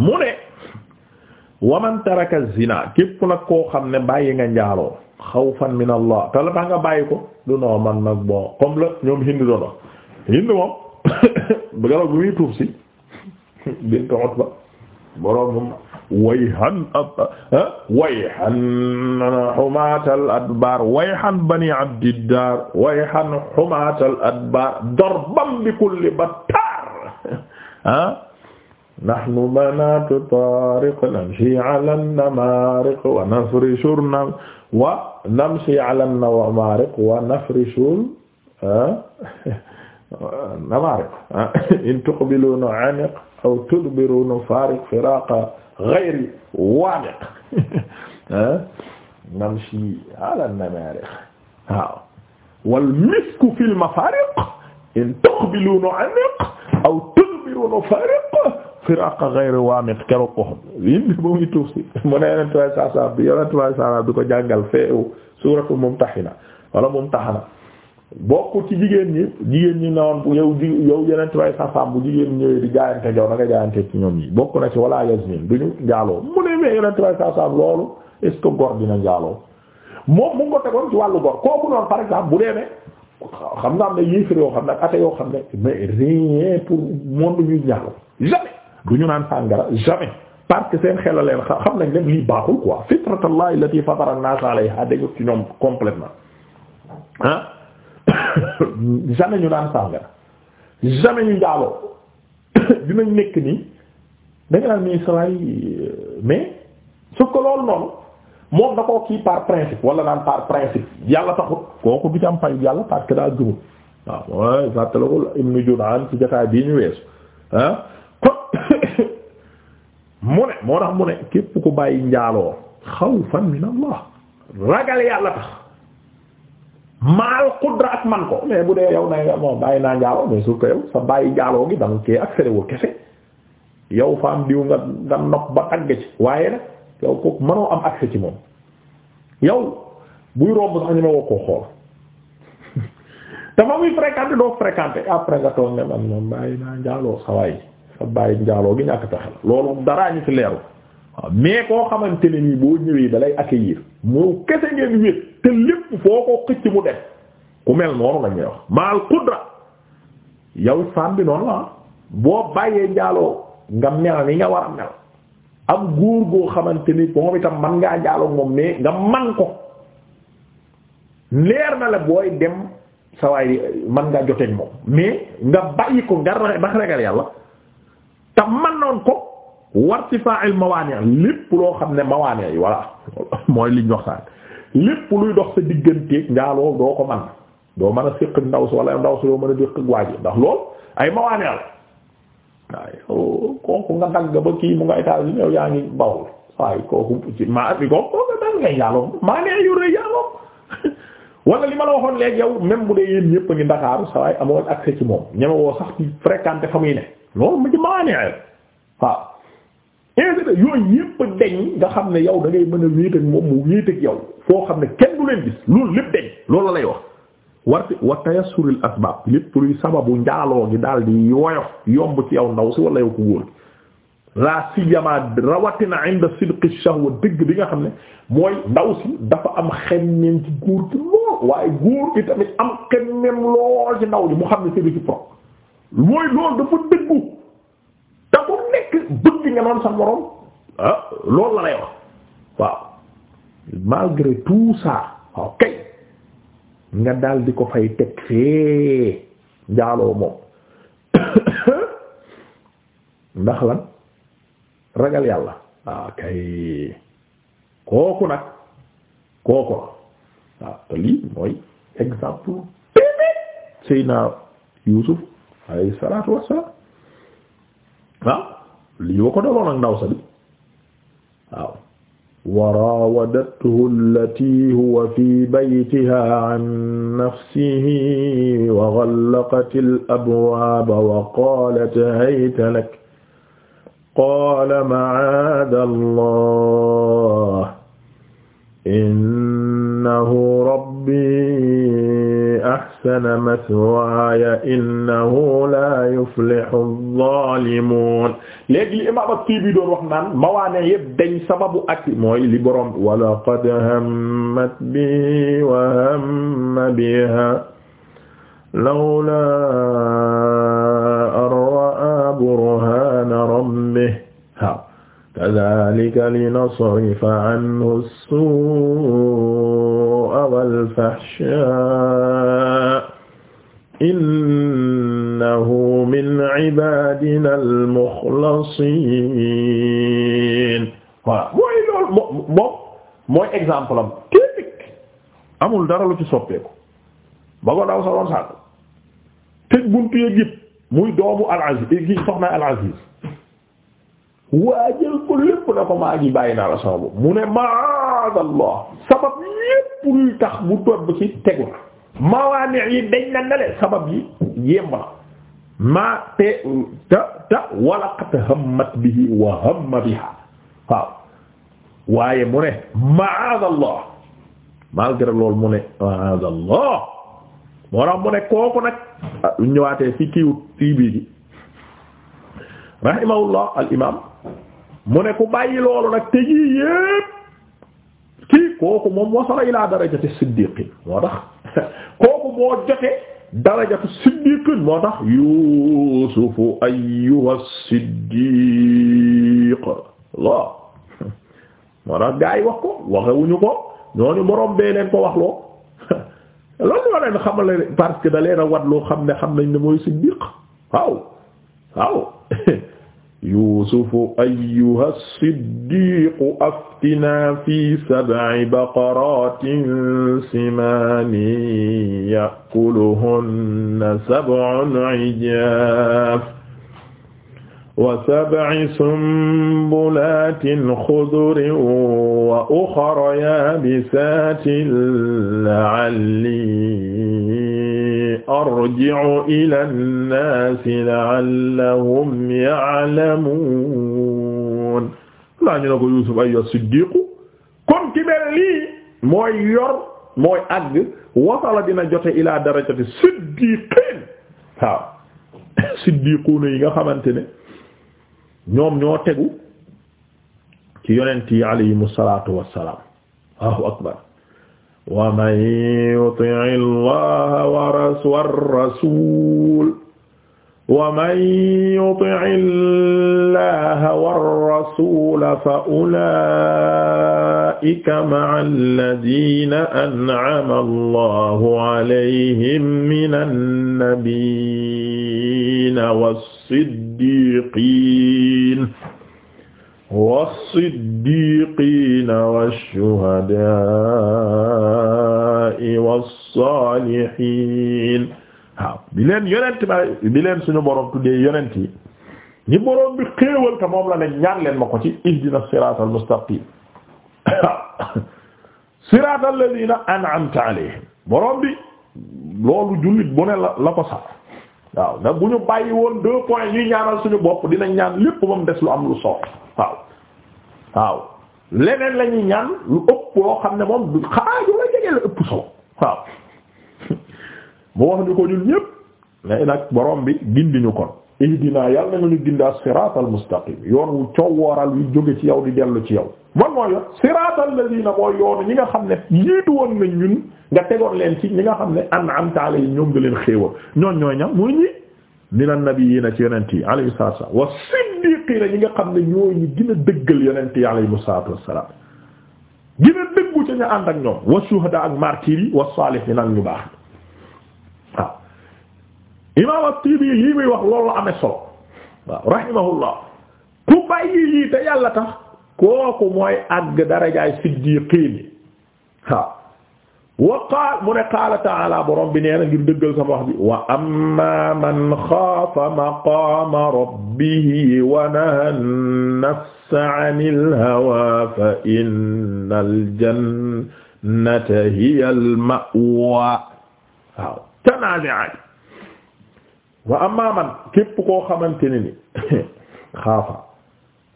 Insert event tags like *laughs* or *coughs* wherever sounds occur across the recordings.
mu ne waman taraka zina képp nag koo xam ne bàyyi nga njaaloo xawfan min allah te la ko du noo man nag bon comme la ñoom hindi doon wax hindi moom garaw *coughs* bi muy tuub si bint Utba boroom wayhan ah, wayhan xumaatal adbaar wayhan bani abdiddaar wayhan xumaatal adbaar darbam bi kulli battaar ah nahnu banatu tariq namshi ala namariq wa nafrishu wa namshi ala namariq wa nafrishu *laughs* namariq *laughs* in tuqbiluna aniq aw tudbiruna fariq firaqa ghayri waniq *laughs* namshi ala namariq waaw wal misku fil mafariq in tuqbiluna aniq aw tudbiruna fariq firaqa ghayr wamit keroog ko indi ba muy tuuf si mu ne yonent way sasab bi yonent way sasab bi ko jàngal feewu suratu mumtahina wala mumtahana bokk ci jigéen ñi jigéen ñi ne woon yow yow yonent way sasab bu jigéen ñëwee di jaayante jow na nga jaayante ci ñoom yi bokk na ci wala yasmin duñu njaaloo a ne mais yonent way sasab loolu est-ce que dina njaaloo moom mu ko tegoon ci wàllu góor kooku noonu par exemple bu dee ne xam nga am ne xam ne ak yoo xam ne mais rien pour monde du ñu naan sàngara jamais parce que seen xel leen xam nañ leen lii baaxul quoi fitratallahi allati fatara an-nas alayha dañu ci *coughs* ñu naan sàngara jamais ñu jaaloo *coughs* dinañ nekk nii danga naan nii salaay mais su ko loolu noonu moom da koo kii par principe wala naan par principe yàlla taxut kooku du ci am payu yàlla parce que daa gëmul waaw mooy fàttalikul Ibn Jud'an ci jotaay bii ñu weesu mu ne moo tax mu ne képp ku bàyyi njaaloo xawfan min allah ragal yàlla tax maal qudra ak man ko mais bu dee yow na nga moom bàyyi naa njaaloo mais suuf ko yow sa bàyyi njaaloo gi da nga koy accéléré wu kese yow fa am diw nga nopp ba tagg ci waaye nag yow kooku mënoo am accès ci moom yow buy romb sax ñu ma woo xool *laughs* te fa muy fréquenté doo fréquenté après nga toog ne man moom bàyyi naa njaaloo sa waay sa bàyyi njaaloo gi ñàkk pexe la loolu daraa ñu ci leeru waaw mais koo xamante ne nii boo ñëwee dalay accueillir moo kese ngeen wét te lépp foo ko xëcc mu def ku mel noonu lañuy wax maal qudra bi noonu ah. boo bàyyee njaaloo nga mel nga war góor goo xamante ni moom itam man ngaa njaaloo moom mais nga man ko leer na la booy dem sawaay man ngaa joteeg moom mais nga bàyyi ko nga rax ragal yàlla te mënoon ko war ci fa'il mawaani lépp loo xam ne mawaani yi voilà *laughs* mooy liñ dox sa digganteeg njaaloo doo ko man a ndaw si wala ndaw si doo mën a déq nga dagg ba kii mu nga *laughs* ma la waxoon léegi yow même bu dee yéen ñëpp a ngi Ndakaaru saa amoon accès ci moom ñeme sax fréquenté fa ne loolu mu ci maanee waaw invité yooyu yépp deñ nga xam ne yow da ngay mën a wéet moom mu wéet ak yow foo xam ne kenn du leen gis loolu lay wax warte wa tayassuril asbab lépp luy sababu njaaloo gi daal di yoyof yomb ci yow ndaw si wala yow ko góor la siyama rawatina inda sidqi shahwa dëgg bi nga xam ne mooy ndaw si dafa am xemmem ci góor ci lool waaye góor gi tamit am xemmem lool ci ndaw li mu xam ne c'est réciproque mooy loolu dafa dëggu te bu nekk bëgg nga noonu sa morom ah la lay wax waaw malgré tout ça waaw kay nga daal di ko fay teg fee njaaloo moom *coughs* ndax lan ragal yàlla waaw ah kay kooku nag kooku waaw te lii mooy exemple pémé Yuusuf alayhi salaatu wassalaam waaw lii wa ko daloon ak ndaw sa bi waaw wa raawadathu allati huwa fi baytiha an nafsihi wa ghallaqat al abwaaba wa qaalat hayta lak qaala ma'aada allah innahu rabbi ahsana mathwaaya innahu la yuflihu adh-dhalimun léegi li imam at-Tibi doon wax naan mawaane yëpp dañ sababu ak mooy li borom wa laqad hammat bi wa hamma biha lawla kadhalika linasrifa anhu as-suu'a wal-fahshaa'a innahu min ibaadina al-mukhlasiin voilà mooy loolu moom moom mooy exemple am typique amul dara lu ci soppeeku ba ko daw sa doon sàkk tëj buntu yëpp muy doomu al-Aziz gi soxna al-Aziz waa jël ko lépp ne ko maa ngi bàyyi naa la sama bopp mu ne bu tobb ci tegu na mawaani yi dañ na nele sabab yi yemb te ta ta walaqat bihi wa hamma biha waaye mu ne maadallah malgré loolu mu ne maadallah moo tax mu ne kooku nag ah, ñëwaatee fi kiiw tii bii gi mu ne ku bàyyi loolu nag te yii yépp kii kooku moom wasala ilaa darajati siddiqin moo tax *laughs* kooku moo jote darajatu siddiqin moo tax yuusufu ayyuha siddiq loo *laughs* moo tax gaa yi wax ko waxewuñu ko ñooñu borom bee leen ko wax loo loolu *laughs* moo leen xamale parce que da leen a wat loo xam ne xam nañ ne mooy siddiq waaw waaw yuusufu ayyuha siddiqu aftinaa fi sab'i baqaratin simaani ya'kuluhunna sab'un ijaaf wa sab'i sumbulaatin xudurin wa uxara yaabisaatin la'allii arji'u ilaa naasi la'allahum ya'lamuun. laa ñu ne ko Yuusuf ayyu Siddiiqu kon ki mel lii mooy yor mooy àgg wasala dina jote ilaa darajati siddiqiin waaw *coughs* siddiquuna yi nga xamante ne. ñoom ñoo tegu ci yonent yi alayhimu salaatu wassalaam Allahu akbar wa man yuti llaha wa rasuul wa man yuti llaha wa rasuul fa ulaa'ika ma'a allaziina an'ama allahu alayhim mina nnabiyyiina was-siddiqiina siddiqiin wassiddiqiina washuhadaa'i wassaalihiin waaw bi leen yonent ba bi leen suñu boroom tuddee yonent yi ñi boroom bi xéewal te moom la ne ñaan leen ma ko ci ihdina siraatal mustaqiim siraatal ladiina an'amta alayhim boroom bi loolu jullit bu ne la la ko sax waaw ndax bu ñu bàyyi woon deux points yuy ñaanal suñu bopp dinañ ñaan lépp ba mu des lu am lu soow waaw waaw leneen la ñaan lu ëpp loo xam ne moom du xaaju la jege la ëpp solo waaw *laughs* mu wax ñu ko ñun ñépp mais nag borom bi gindi ñu kon ihdina yàlla na ñu gindi as-siraatal mustaqim yoon wu coow wooral wi jóge ci yow di dellu ci yow man mooy yoon siraatal lazina mooy yoonu ñi nga xam ne jiitu woon na ñun nga tegoon leen ci ñi nga xam ne an'amta alayhim ñoom nga leen xéewal ñoon ñooy ñam mooy ñi mina nabiyyiina ci yonent yi alayhi salaatu wa siddiqiina ñi nga xam ne ñoo ñu gën dëggal yonent yi alayhi salaatu wassalaam gën a dëggu ci ñu ànd ak ñoom wa shuhadaa ak martyrs yi wa saalihiin ak ñu baax imaam at-Tiibi lii muy wax loolu la amee solo waaw rahimahullah ku bàyyi lii te yàlla tax kooku mooy àgg darajaay siddiqiin yi waaw wa qaal mu ne qaala taala borom bi nee na ngir dëggal sama wax bi wa amma man xaafa maqaama rabbihi wa naha nafsa anil hawa fa innal jannata hiya al ma'wa waaw tanaazi'aat wa amma man képp koo xamante ne ni *laughs* xaafa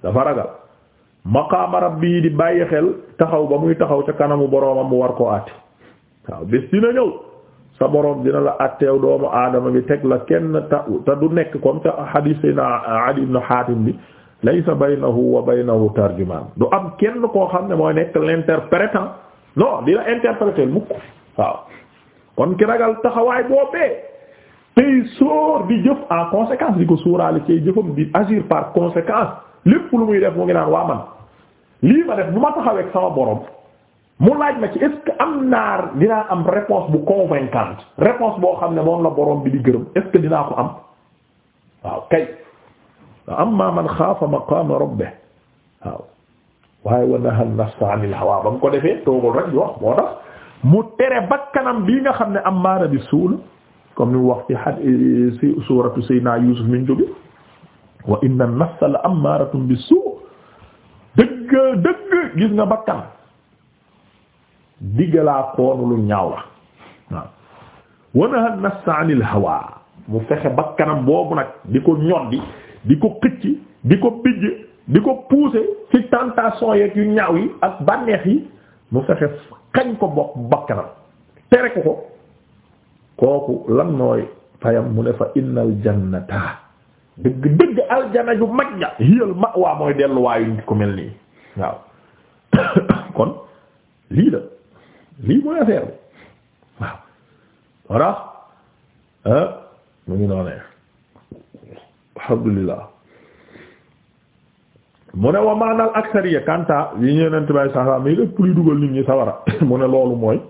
dafa ragal maqaama rabbi di bàyyi xel taxaw ba muy taxaw ca kanamu boroomam mu war koo àtte waaw bés dina ñëw sa boroom dina la àtteew doomu aadama bi teg la kenn ta te du nekk comme ca hadith sayna Adi ibn Hatim bi laysa baynahu wa baynahu tarjumaan du am kenn koo xam ne mooy nekk l'interprétant non di la interpréter mukk waaw kon ki ragal taxawaay boobee tey sóor di jëf en conséquence di ko suuraale ci jëfam di agir par conséquence lépp lu muy def mu ngi naan waa man lii ma def bu ma taxaweek sama borom mu laaj ma ci est-ce que am naa dinaa am réponse bu convaincante réponse boo xam ne moom la boroom bi di gërëm est-ce que dinaa ko am waaw kay amma man xaafa maqaama rabbih waaw waaye wa naha nafsa anil hawa ba mu ko defee toogul rek di moo tax mu tere bakkanam bii nga xam ne ammaara bi suul comme ni mu wax ci xad si suuratu Seydina Yuusuf min jóge wa inna an-nafsa la ammaaratun bis-suu' dëgg dëgg gis nga bakkan diggalaa koonu lu ñaaw la waaw wa naha an-nafsa hawaa mu fexe bakkanam boobu nag di ko ñoddi di ko xëcc di ko bijj di ko pousser ci tentation yu ñaaw yi ak bànneex yi mu fexe xañ ko bokk bakkanam tere ko ko kooku lan mooy fayam mu ne fa innal jannata dëgg dëgg aljana ju mag ja hiyal ma waa mooy delluwaayu nit ku mel nii waaw *coughs* kon lii la lii mooy affaire bi waaw warax ah, mu ngi noonee alhamdulillah mu ne wa maanaal aksariya kanta yi ñeenante bay saxaam yi lépp luy dugal nit ñi sawara *coughs* mu ne loolu mooy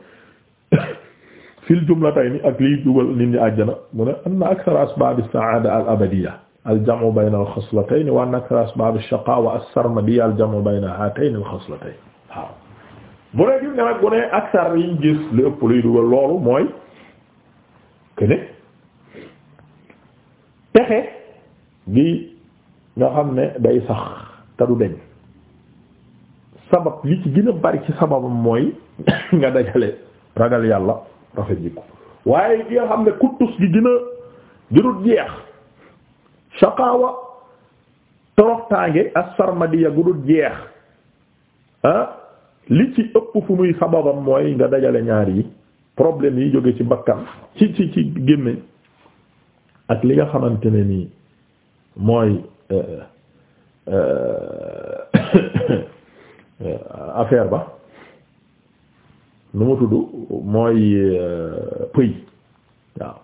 fil jumlatayni ak liy dugal nit ñi àjjana mu ne anna akthar asbab as al-abadiyya al-jam'u bayna al-khaslatayni wa anna akthar asbab ash-shaqawa as-sarmadiyya al-jam'u bayna hatayni al-khaslatayni waaw mu ne gis nag bu ne akthar yiñ gis lu ëpp luy dugal loolu mooy que ne pexe nga xam ne day sax te du deñ sabab li ci gën a bari ci sababam mooy *coughs* nga dajale ragal yàlla rafet jikko waaye gi nga xam ne kuttus gi gën a gënut jeex shaqaawa toroxtaange as-sarmadiya gudut jeex ah, li ci ëpp fu muy sababam mooy nga dajale ñaar yi problème yi jóge ci bakkan ci ci ci gémmiñ ak li nga xamante ne nii mooy euh, euh, *coughs* euh, affaire ba nu mu tudd mooy euh, pëy waaw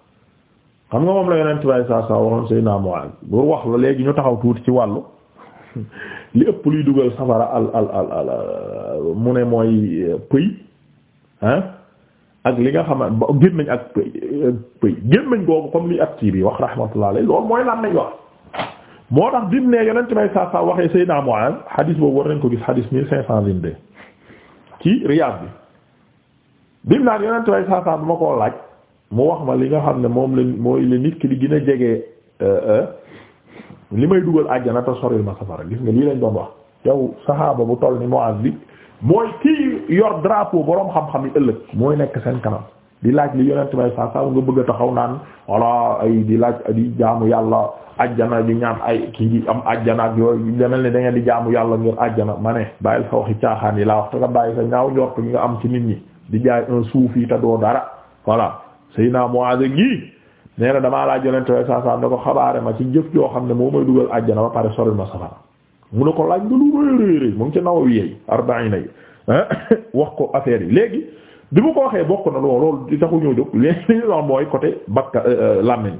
xam nga moom la yonent bay saa saa waxoon Seydina Muaaz bur wax la léegi ñu taxaw tuuti ci wàllu *laughs* li ëpp luy dugal safara al al al mu ne mooy euh, pëy ah ak li nga xam ne gémmiñ ak pëy euh, pëy gémmiñ googu comme li at ci bi wax rahmatullah alayhi loolu mooy lan wax moo tax bi mu ne yonent bay saa saa waxee Seydina Muaaz xadiis boobu war nañ ko gis xadiis mille cinq cent vingt-deux ci Riyaad bi bim naan yonent way saasaa bu ma koo laaj mu wax ma li nga xam ne moom la mooy la nit ki di gin a jege euh, euh, li may dugal àjjana te soril ma safara gis nga lii lañ doon wax yow saxaaba bu toll ni Muaz bi mooy kii yor drapeau boroom xam-xam yi ëllëg mooy nekk seen kanam di laaj li yonent way saasaa nga bëgg a taxaw naan walla ay di laaj di jaamu yàlla àjjana di ñaan ay kii di am àjjana ak yooyu demel ne da ngeen di jaamu yàlla ngir àjjana ma ne bàyyil sa waxi caaxaan yi laa ñaaw njort nga am ci nit ñi di jaay un soufi te doo dara voilà Seydina Muaaz gi nee na damaa laaj yonent way saa saa ne ko xabaare ma ci jëf joo xam ne moo may dugal àjjana ba pare soril ma safara mu ne ko laaj nga lu rëy rëy rëy mu ngi ci Nawawi yeey arbaina yi *laughs* wax ko affaire yi léegi bi mu ko waxee bokk na loolu di euh, euh,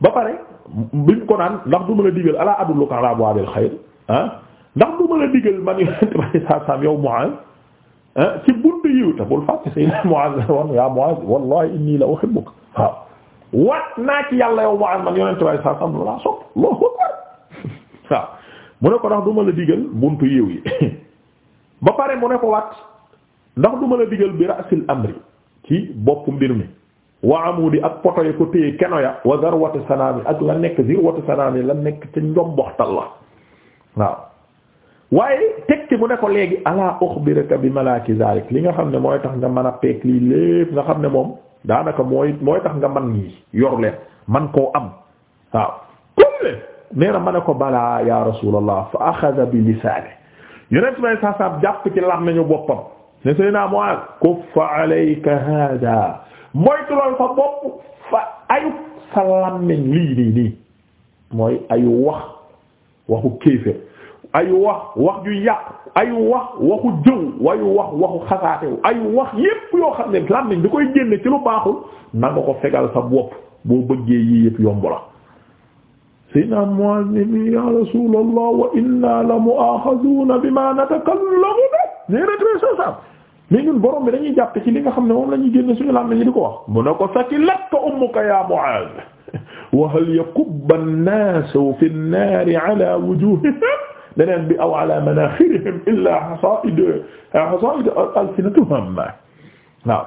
ba pare biñ ko naan ndax du ma la digal ala adulluka ala abwaabil xayr ah ndax du la digal man yonent way saa saa yow Muaaz Eh, ci buntu yiw te bul fàtte say *laughs* Muaz woon yaa Muaz wallahi inni la uhibbuka waaw wat naa ci yàlla yow Muaz man yonente way sa sam laa sopp *laughs* mu ne ko ndax duma la digal buntu yiw yi *laughs* ba pare mu ne ko wat ndax duma la digal bi ra'sil amri ci bopp mbir mi wa amudi ak poto yi ko téye keno ya wa zarwati sanami ak la nekk zirwati sanami la nekk ca njomboxtal la waaw waaye tekki mu ne ko léegi ala ukhbiraka bi malaki zalik li nga xam ne mooy tax nga man a peek lii lépp nga xam ne moom daanaka mooy mooy tax nga man yi yor leen man koo am waaw kulle nee na ma ne ko balaa ya rasulallah fa axada bi lisaani yonent may saasaam jàpp ci làmmiñu boppam ne sëy naa Mu'aaz ak alayka hada moytulal fa bopp fa sa làmmiñ lii nii nii mooy ayu wax waxu kéefër ay wax wax ju yàq ayu wax waxu jëw wayu wax waxu xasaatewu ayu wax yépp yoo xam ne làmmiñ bi koy génne ci lu baaxul nanga ko fegal sa bopp boo bëggee yii yépp yomb la sayna Muaz ni ya Rasulallah wa inna la mu'akhaduna bima natakallamu bi nee na dañuy jàpp ci li nga xam ne moom la ñuy génne suñu làmmiñ di ko wax mu ne ko sakilatka ummuka ya Muaz wa hal yakubbu an-nasu fi an-nari ala beneen bi aw ala manakhirihim illa hasaid hasaid alsinatihim waaw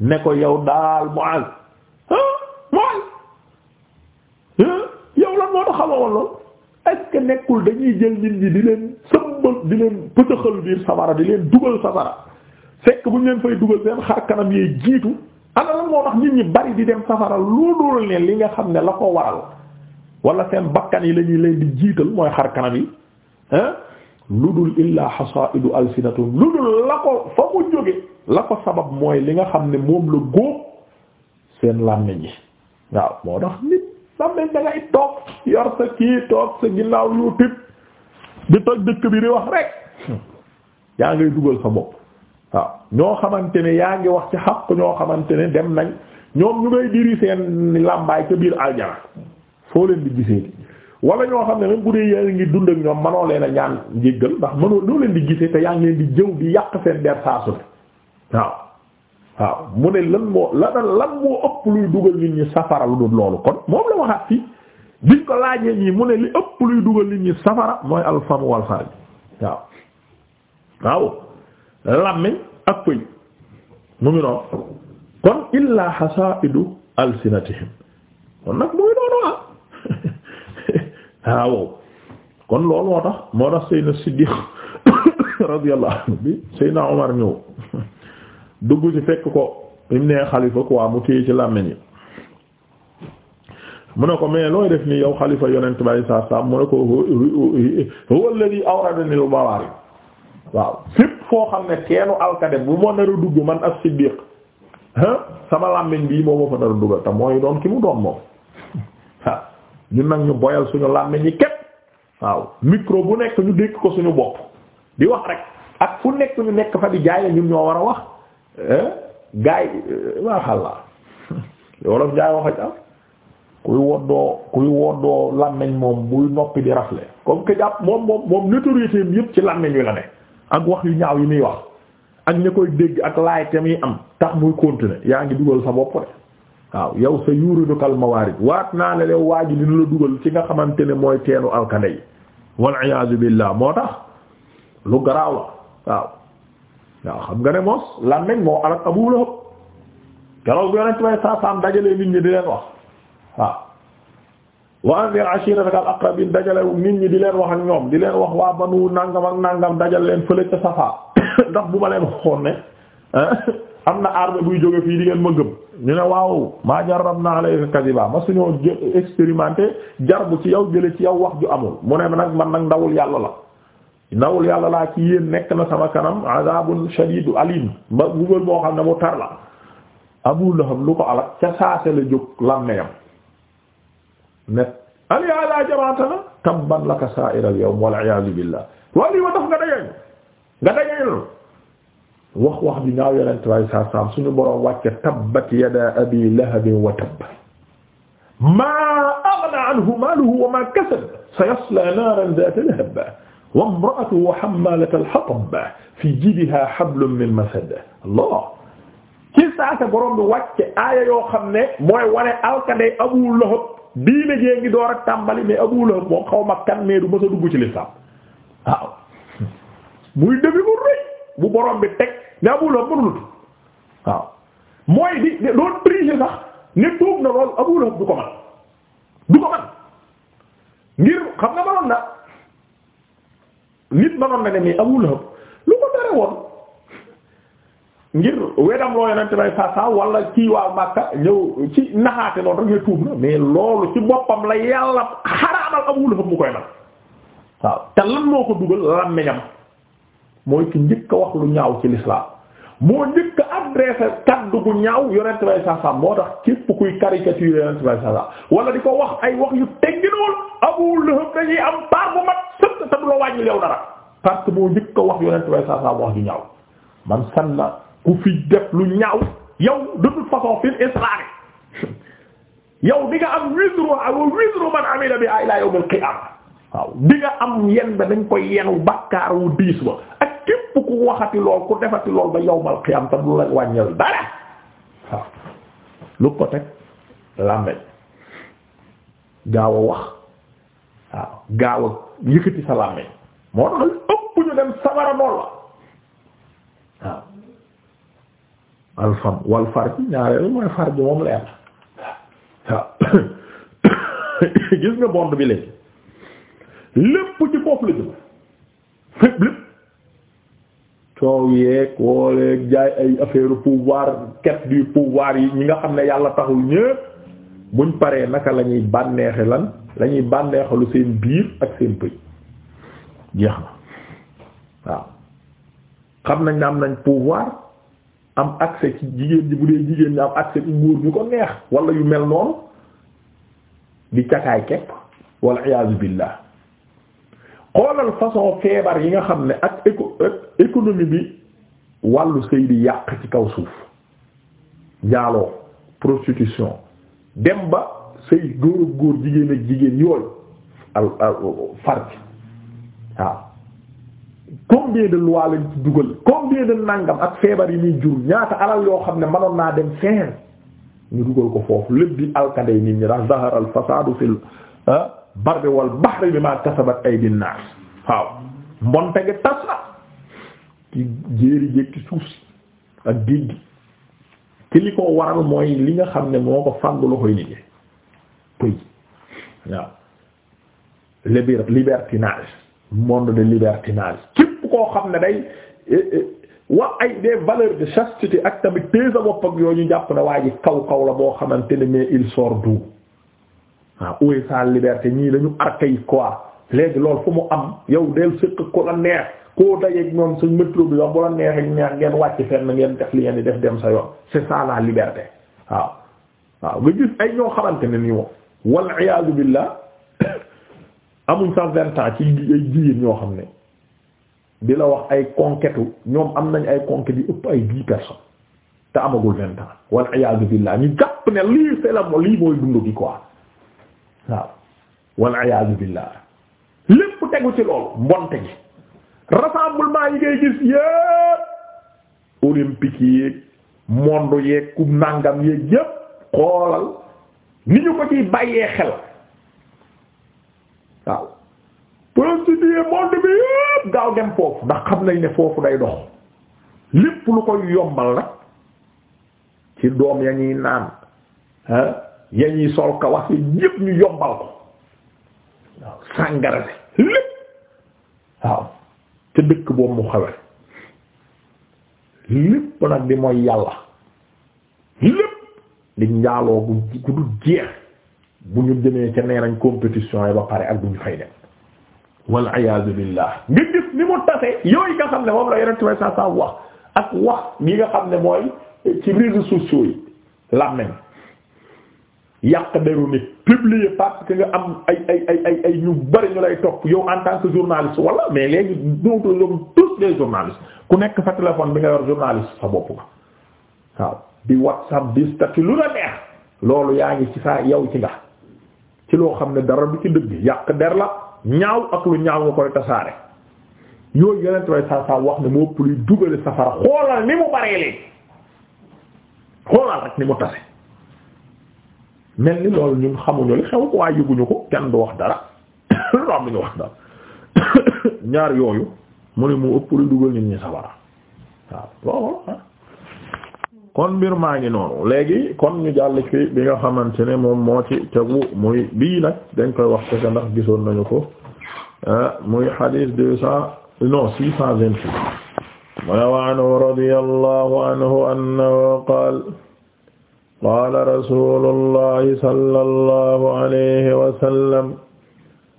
ne ko yow daal mu ah Muaz yow lan moo tax xamoon lool est nekkul dañuy jël nit ñi di leen sëmbal di leen pëtëxal biir safara di leen dugal safara fekk bu ñu leen fay dugal seen xar kanam yee jiitu ana lan moo tax nit ñi bari di dem safara lu dul ne li nga xam ne la ko waral wala seen bakkan yi lañuy ñuy leen di jiital mooy xar kanam yi ah lu dul illaa hasaidu alsinatum lu dul la ko fa mu jóge la ko sabab mooy li nga xam ne moom la góob seen làmmiñ yi waaw moo tax nit làmmiñ da toog yor sa kii toog sa ginnaaw YouTube di toj dëkk bi di wax rek yaa ngay dugal sa bopp waaw ñoo xamante ne yaa ngi wax ci xaq ñoo xamante ne dem nag ñoom ñu ngay diri seen làmbaay ca aljana foo leen di gisee wala ñoo xam ne même bu dee yaa ngi dund ak ñoom manoo leen a ñaan njéggal ndax mënoo loo leen di gisee te yaa ngi leen di jëw di yàq seen der saa su ne waaw waaw mu ne lan moo lan moo ëpp luy dugal nit ñi safara lu dul loolu kon moom la waxaat fii biñ ko laajee ñii mu ne li ëpp luy dugal nit ñi safara mooy alfamu wal farj waaw waaw làmmiñ ak pëy mu ngi noonu kon illaa hasaidu alsinatihim kon nag muy noonu ah *laughs* Ah, waaw kon loolu moo tax moo tax Seydina Siddiq *coughs* radiyallahu anhu bi Seydina Omar ñëw *coughs* dugg ci fekk ko im nee xalifa quoi mu téye ci làmmiñ yi mu ne ko mais looy def nii yow xalifa yonent bi sallallahu alayhi wasallam mu ne ko huwa alladhi awradani al-bawaari waaw fépp foo xam ne teenu alkade bu ma nar dugg man as Siddiq ah sama làmmiñ bii moo ma fa nar a te mooy doon ki mu doon moom ñu nag ñu boyal suñu làmmiñ ñi képp waaw micro bu nekk ñu dégg ko suñu bopp di wax rek ak fu nekk ñu nekk fa di jaaye ñun ñoo war a wax eh? gaay eh, waaxalla *laughs* wolof njaay waxa am kuy woddoo kuy woddoo làmmiñ moom buy noppi di rafle comme que jàpp moom moom moom notoriété am yépp ci làmmiñ wi la ne ak wax yu ñaaw yi muy wax ak ñu koy dégg ak laay te am tax muy continuer yaa ngi dugal sa bopp de waaw yow sa yuuridu kal mawaarid waat naa ne leew waa ji dina la dugal ci nga xamante ne mooy teenu alkande yi wal iyaazu billaah moo tax lu garaaw la waaw waaw xam nga ne moos làmmiñ moo alak Abu Lahab keroog bi yonent bay wax dajale nit ñi di leen wax ak ñoom di leen wax waa banu nàngam ak nàngam dajal leen fële ca safaa *coughs* ndax bu ma leen xoon ne ah, am na arme buy jóge fii di ngeen ma gëm ñu ne waaw maa jarrabna alayka kadiba ma suñoo expérimenté jar bu ci yow jële ci yow wax ju amul mu ne man nag ndawul yàlla la ndawul yàlla laa ci yéen nekk na sama kanam azabun shadidu alim ba ne mu tar la Abu Lahab lu ko alak ca saase la jóg làmmeyam net ali ala jamaatana tabban laka sa'iral nga dajeñ nga dajeñ wax wax bi ñaaw yonent way saa saam suñu boroom wàcce tabbat yada abi lahabin wa tabb maa aghna anhu maaluhu wa maa kasab sayasla naaran zaata lahab wa imra'atuhu hammaalata al-hatab fii jiidihaa hablum min masad Allah ci saasa boroom bi wàcce aaya yoo xam ne mooy wane alkaday Abu Lahab diine jee ngi door ak tàmbali mais Abu Lahab moom xaw ma kan mais du mës a dugg ci lislaam waaw muy defi bu rëy bu boroom bi teg mais Abu Lahab mënul waaw mooy di doon tricher sax ne tuub na loolu Abu Lahab du ko man du ko man ngir xam nga manoon na nit manoon na ne ci waa Makka ñëw ci naxaate loolu ne mais loolu ci boppam la yàlla xaraamal Abu Lahab mu koy man waaw te lan moo ko dugal làmmiñam mooy ki njëkk a wax lu ñaaw ci l'islam moo njëkk adressé kaddu gu ñaaw yonent bay sasam moo tax képp kuy caricature yonent bay sasam wala di ko wax ay wax yu tegginul Abu Lahab dañuy am paar bu mat sëkk te du la wàññi lew dara parce que moo njëkk wax yonent bay sasam wax ju ñaaw man sanna ku fi def lu ñaaw yow de toute façon fil israari yow di nga am wizru aw wizru man amila bi ay la yawmil qiyamah waaw bi nga am yen ba dañ koy yenu bàkkaar wu diis ba ak képp ku waxati lool ku defati lool ba yawmal qiyaam te du la wàññel dara waaw lu ko teg làmmeñ gaaw a wax waaw gaaw a yëkkati sa làmmeñ moo tax ëpp ñu dem sabara nool la waaw alfam wal farji ñaareelu mooy farji moom leer waaw *coughs* gis nga bond bi léegi lépp ci bopp la jëm lépp coow yeeg wooleeg jaay ay affaire pouvoir quête du pouvoir yi ñi nga xam ne yàlla taxul ñépp buñ paree naka la ñuy bànneexe lan la ñuy bànneexalu seen biir ak seen pëy jeex na waaw xam nañ ne am nañ pouvoir am accès ci jigéen ji bu dee jigéen ñi am accès ci nguur bi ko neex wala yu mel noonu di cakaay kepp wala iyaazu billah xoolal façon feebar yi nga xam ne ak éco économie bi wàllu sëy di yàq ci kaw suuf njaaloo prostitution dem ba sëy góor ak góor jigéen ak jigéen yooyu al al far ci waaw combien de lois lañ dugal combien de nangam ak feebar yi muy jur ñaata alal yoo xam ne manoon naa dem feneen ñu dugal ko foofu lépp di alkande yi nit ñi dax zahara al fil ah, barri wal bahri bima kasabat aydin nas waaw mbonte gi tas na ci jéeri jéeg suuf si ak géej gi ci li ko waral mooy li nga xam ne moo ko fàngu loxoy nit ñi pëy waaw libér libertinage monde de libertinage képp koo xam ne day eh, eh, wax ay des valeurs de chasteté ak tamit téesa bopp ak yooyu ñu jàpp ne waa ji kaw kaw la boo xamante ne mais il sort d'où waaw où est sa liberté ñii dañu archaïque quoi léegi lool fu mu am yow del sëq ko la neex koo dajeeg ñoom sa métro bi wax neex ak neex ngeen wàcc na ngeen def li ngeen di def dem sa yoon c'est ça la liberté waaw waaw nga gis ay ñoo xamante ne nii moom wal iyaadu billah *coughs* amuñ sax vingt ans ci ay jigéen ñoo xam ne di la wax ay conquêtes ñoom am nañ ay conquêtes yu ëpp ay dix personnes te amagul vingt ans wal iyaadu billah ñu jàpp ne lii c'est dund gi waaw wal iyaazu billah lépp tegu ci loolu mbonte gi rassemblement yi ngay gis yépp olympique yéeg monde yeeg coupe nangam yépp xoolal ni ñu ko ciy bàyyee xel waaw prostitué monde bi yépp gaaw dem foofu ndax xam nañ ne foofu day dox lépp lu koy yombal nag ci doom ya ñuy naan yañ yi sol ka wax yépp ñu yombal ko waaw sàngara si lépp waaw ca dëkk boobu mu xawe lépp nag di mooy yàlla lépp di njaaloo gu gu du jeex bu ñu demee ca nee nañ compétition yi ba pare ak bu ñu fay dem wal iyaazu billah nga gis ni mu tase yooyu nga xam ne moom la yore tubaab saa saa wax ak wax gi nga xam ne mooy ci réseaux sociaux yi làmmeñ yàq deru nit publier parce que nga am ay ay ay ñu bari ñu lay topp yow en tant que journaliste wala mais léegi dootoo yom tous les journalistes ku nekk fa téléphone bi nga yor journaliste sa bopp nga waaw di whatsapp di statut lu la neex loolu yaa ngi ci saa yow ci nga ci loo xam ne dara du ci dëgg yàq der la ñaaw ak lu ñaaw nga koy tasaare yooyu yeneen way saa saa wax ne moo ëpp luy dugale safara xoolal ni mu baree léegi xoolal rek ni mu tase mel ni loolu ñun xamuñu li xew ko waaye yëguñu ko kenn du wax dara loolu *coughs* am ñu wax dara *coughs* ñaar yooyu mu ne mu ëpp lu dugal nit ñi sawara waaw ah. kon mbir maa ngi noonu léegi kon ñu jàll ci bi nga xamante ne moom moo ci tegu muy bii nag dañ koy wax kese ndax gisoon nañu ko ah, muy hadith deux cent non six cent vingt-huit mu ne anhu radiyallahu anhu annahu qaala qaala rasulullahi sallallahu alayhi wa sallam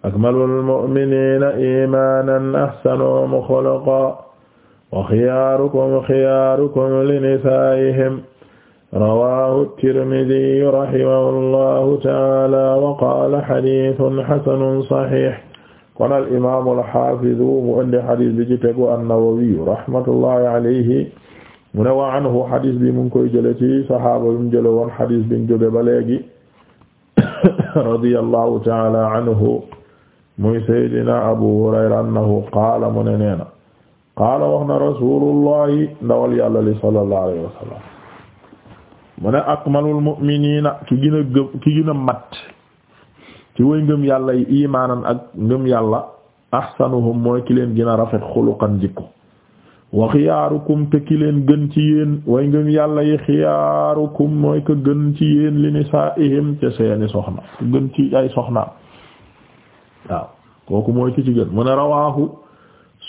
akmalul mu'miniina iimaanan ahsanuhum xulqan wa xiyaarukum xiyaarukum linisaa'ihim rawaahu tirmidii rahimahullahu ta'aalaa wa qaala hadiisun hasanun saxiix kon al imaamul xaafidu mu indi xadiis bi ci tegu an-Nawawi rahmatullahi alayhi mu ne wa anhu hadis bi mu ngi koy jële ci sahaaba bi mu jële woon hadis bi ñu jóge ba léegi *coughs* radiyallahu taala anhu muy saydina abu hurayra annahu qaala mu ne nee na qaala na rasulullahi ndawal yàlla li sallallahu alayhi wa sallam ki gën mat ci way ngëm yàlla yi imaanan ak ngëm yàlla ahsanuhum mooy ki leen gën a rafet xuluqan wa xiyaarukum te ki leen gën ci yéen way ngëm yàlla yi xiyaarukum mooy ko gën ci yéen li nisaa'ihim ca seeni soxna ku gën ci ay soxna waaw kooku mooy ki ci gën mu ne rawaahu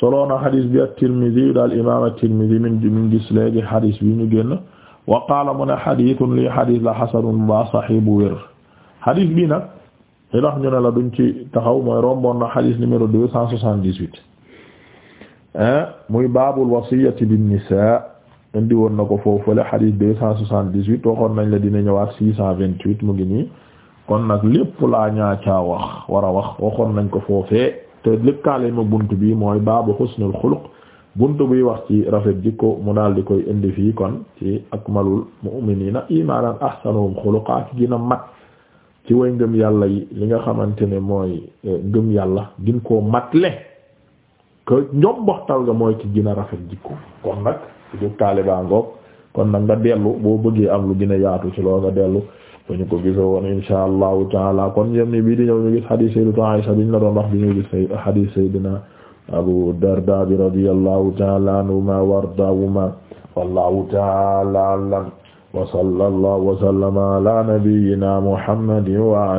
solo na xadis bi at-Tirmidhi daal imaam at-Tirmidhi min min gis léegi xadis bi ñu génn wa qaala mu ne xadisun lii xadis la xasanun ba saxiix bu wér xadis bi nag li tax ñu ne la duñ ci taxaw mooy romboon na xadis numéro deux cent soixante dix muy baabul wasiyati bin nisaa indi woon na ko foofule xadis deux cent soixante-dix-huit waxoon nañ la dina ñëwaat six cent vingt-huit mu ngi nii kon nag lépp laa ñaacaa wax war a wax waxoon nañ ko foofee te lëkkaale ma bunt bi mooy baabu xusnul xuluq bunt buy wax ci rafet jikko mu daal di koy indi fii kon ci akmalul mu'minina imaanan ahsanuhum xuluqa gi na mat ci way ngëm yàlla yi li nga xamante ne mooy eh, ngëm yàlla gin koo mat le que njomboxtal nga mooy ci gën a rafet jikko kon nag ci du taalibaa ngoog kon nag nga dellu boo bëggee am lu gën a yaatu ci loo nga dellu bu ñu ko gisoo woon insha allahu taala kon yem ni bii di ñëw ñu gis hadith sayyidatu Aisha bi ñu la doon wax bi ñu gis hadith sayyidina Abu Darda bi radiyallahu taala anhuma wardaahuma wallahu taala alam wa sallallahu wa ala nabiyyina Muhammadin wa